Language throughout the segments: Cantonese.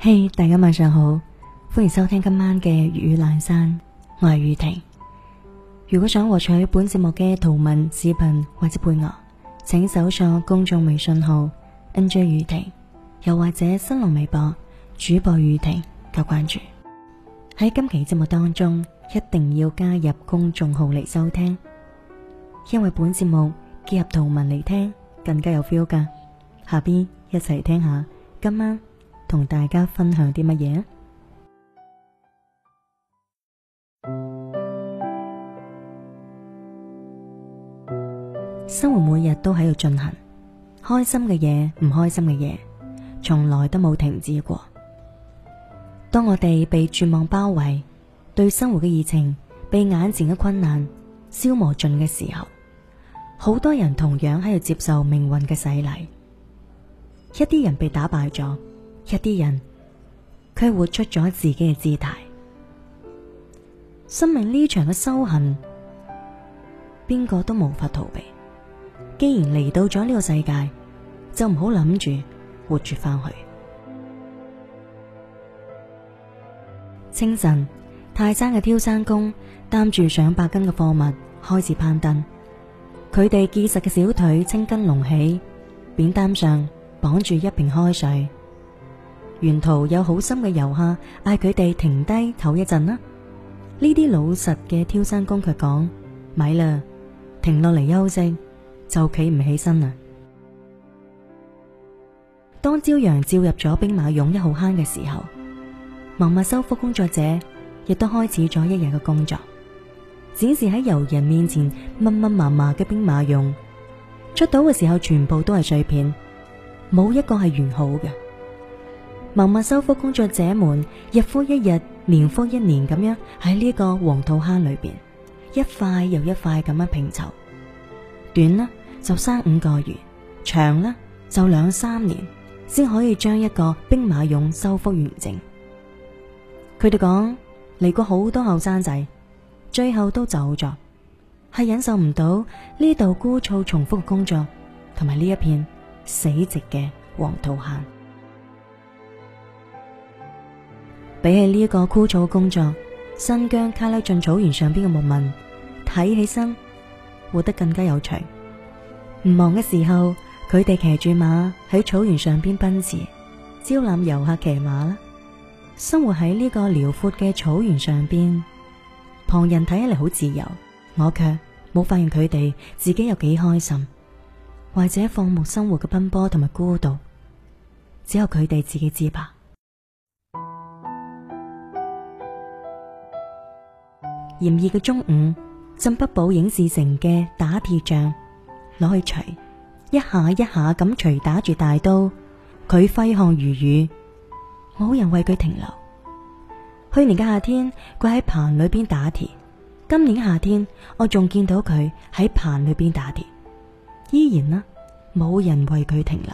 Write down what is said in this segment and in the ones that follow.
嘿，hey，大家晚上好，歡迎收聽今晚嘅粵語闌山。我係雨婷。如果想獲取本節目嘅圖文視頻或者配樂，請搜索公眾微信號 n j 雨婷，又或者新浪微博主播雨婷加關注。喺今期節目當中，一定要加入公眾號嚟收聽，因為本節目結合圖文嚟聽更加有 feel 噶。下邊一齊聽一下今晚，同大家分享啲乜嘢？生活每日都喺度進行，開心嘅嘢，唔開心嘅嘢，從來都冇停止過。當我哋被絕望包圍，對生活嘅熱情被眼前嘅困難消磨盡嘅時候，好多人同樣喺度接受命運嘅洗禮，一啲人被打敗咗。一啲人，佢活出咗自己嘅姿態。生命呢場嘅修行，邊個都無法逃避。既然嚟到咗呢個世界，就唔好諗住活住返去。清晨，泰山嘅挑山工擔住上百斤嘅貨物開始攀登，佢哋結實嘅小腿青筋隆起，扁擔上綁住一瓶開水。沿途有好心嘅遊客嗌佢哋停低唞一陣啦，呢啲老實嘅挑山工佢講：咪啦，停落嚟休息就企唔起身啦。 當朝陽照入咗兵馬俑一號坑嘅時候，文物修復工作者亦都開始咗一日嘅工作。展示喺遊人面前密密麻麻嘅兵馬俑，出土嘅時候全部都係碎片，冇一個係完好嘅。默默修復工作者們日復一日、年復一年咁樣喺呢個黃土坑裏邊，一塊又一塊咁樣拼湊。短啦就三五個月，長啦就兩三年，先可以將一個兵馬俑修復完整。佢哋講嚟過好多後生仔，最後都走咗，係忍受唔到呢度枯燥重複嘅工作，同埋呢一片死寂嘅黃土坑。比起呢個枯燥嘅工作，新疆卡拉峻草原上邊嘅牧民睇起身活得更加有趣。唔忙嘅時候，佢哋騎住馬喺草原上邊奔馳，招攬遊客騎馬啦。生活喺呢個遼闊嘅草原上邊，旁人睇起嚟好自由，我卻冇發現佢哋自己有幾開心，或者放牧生活嘅奔波同埋孤獨，只有佢哋自己知吧。炎熱嘅中午，鎮北堡影視城嘅打鐵匠攞去錘，一下一下咁錘打住大刀，佢揮汗如雨，冇人為佢停留。去年嘅夏天，佢喺棚裏邊打鐵；今年夏天，我仲見到佢喺棚裏邊打鐵，依然呢，冇人為佢停留。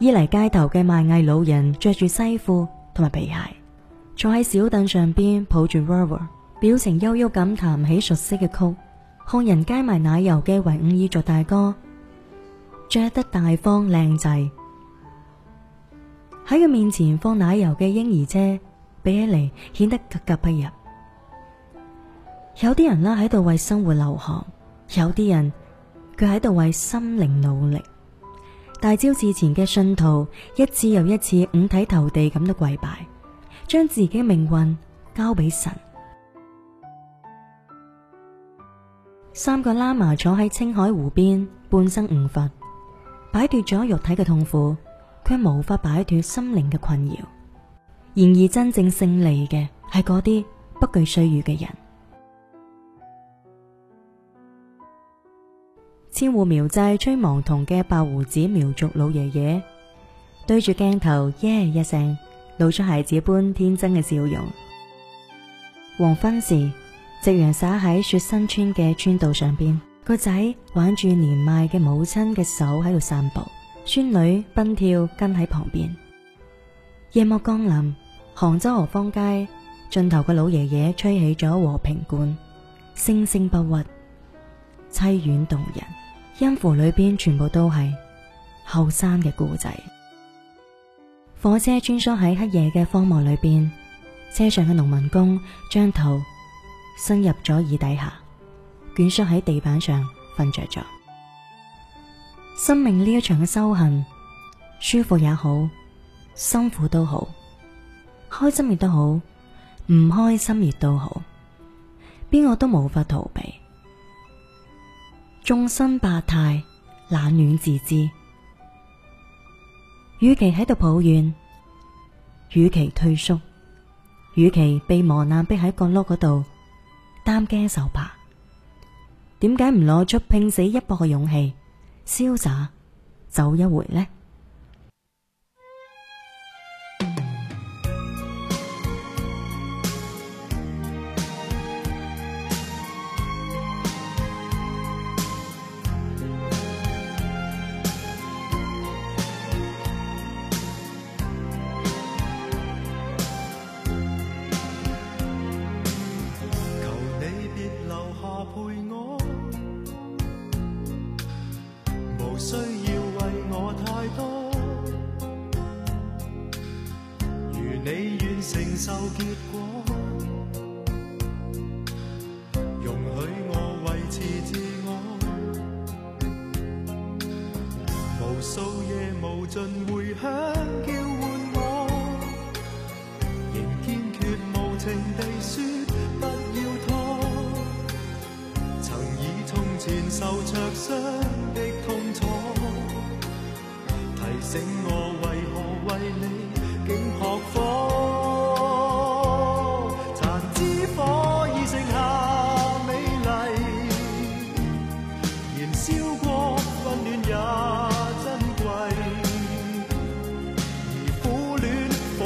伊犁街頭嘅賣藝老人，着住西褲同埋皮鞋。坐喺小凳上邊，抱住 Rover，表情憂鬱咁彈起熟悉嘅曲。漢人街賣奶油嘅維吾爾族大哥，着得大方靚仔。喺佢面前放奶油嘅嬰兒車，比起嚟顯得格格不入。有啲人啦喺度為生活流汗，有啲人佢喺度為心靈努力。大昭寺前嘅信徒，一次又一次五體投地咁都跪拜。將自己命運交俾神。三個喇嘛坐喺青海湖邊，半生悟佛，擺脫咗肉體嘅痛苦，卻無法擺脫心靈嘅困擾。然而，真正勝利嘅係嗰啲不懼歲月嘅人。千戶苗寨吹芒筒嘅白鬍子苗族老爺爺，對住鏡頭耶一聲。Yeah, yeah, sing, 露出孩子般天真嘅笑容。黃昏時，夕陽灑喺雪山村嘅村道上邊，個仔挽住年邁嘅母親嘅手喺度散步，孫女奔跳跟喺旁邊。夜幕降臨，杭州河坊街盡頭嘅老爺爺吹起咗和平管，聲聲不屈，凄婉動人，音符裏邊全部都係後生嘅故仔。火車穿梭喺黑夜嘅荒漠裏邊，車上嘅農民工將頭伸入咗椅底下，蜷縮喺地板上瞓着咗。生命呢一場嘅修行，舒服也好，辛苦都好，開心亦都好，唔開心亦都好，邊個都無法逃避。眾生百態，冷暖自知。與其喺度抱怨，與其退縮，與其被磨難逼喺角落嗰度，擔驚受怕，點解唔攞出拼死一搏嘅勇氣，瀟灑走一回呢？結果，容許我維持自我。無數夜無盡回響叫喚我，仍堅決無情地説不要拖。曾以從前受著傷的痛楚，提醒我。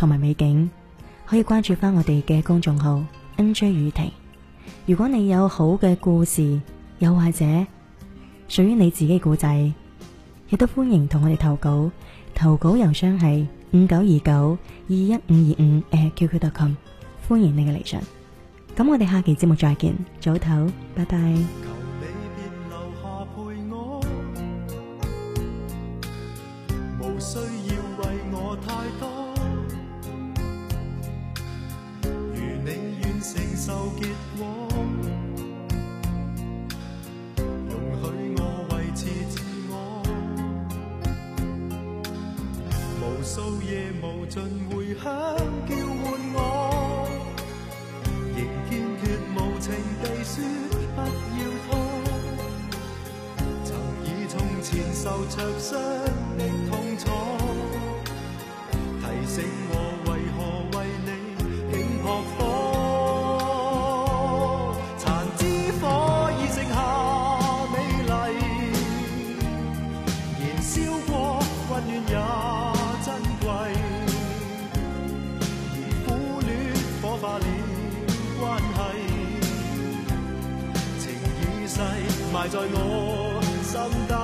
同埋美景，可以關注翻我哋嘅公衆號 NJ 雨婷。如果你有好嘅故事，又或者屬於你自己嘅故仔，亦都歡迎同我哋投稿。投稿郵箱係五九二九二一五二五 qq.com，歡迎你嘅嚟信。咁我哋下期節目再見，早唞，拜拜。求你盡迴響叫喚我，仍堅決無情地說不要痛。曾以從前受着傷。埋在我心底，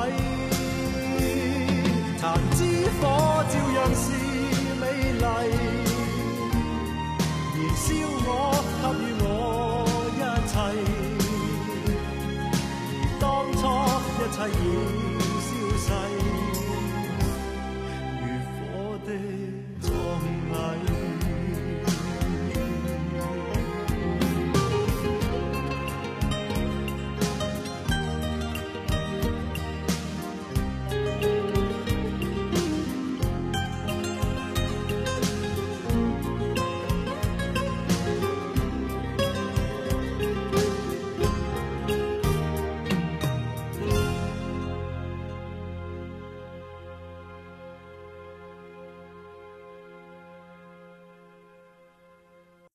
殘枝火照樣是美麗，燃燒我，給予我一切，而當初一切已。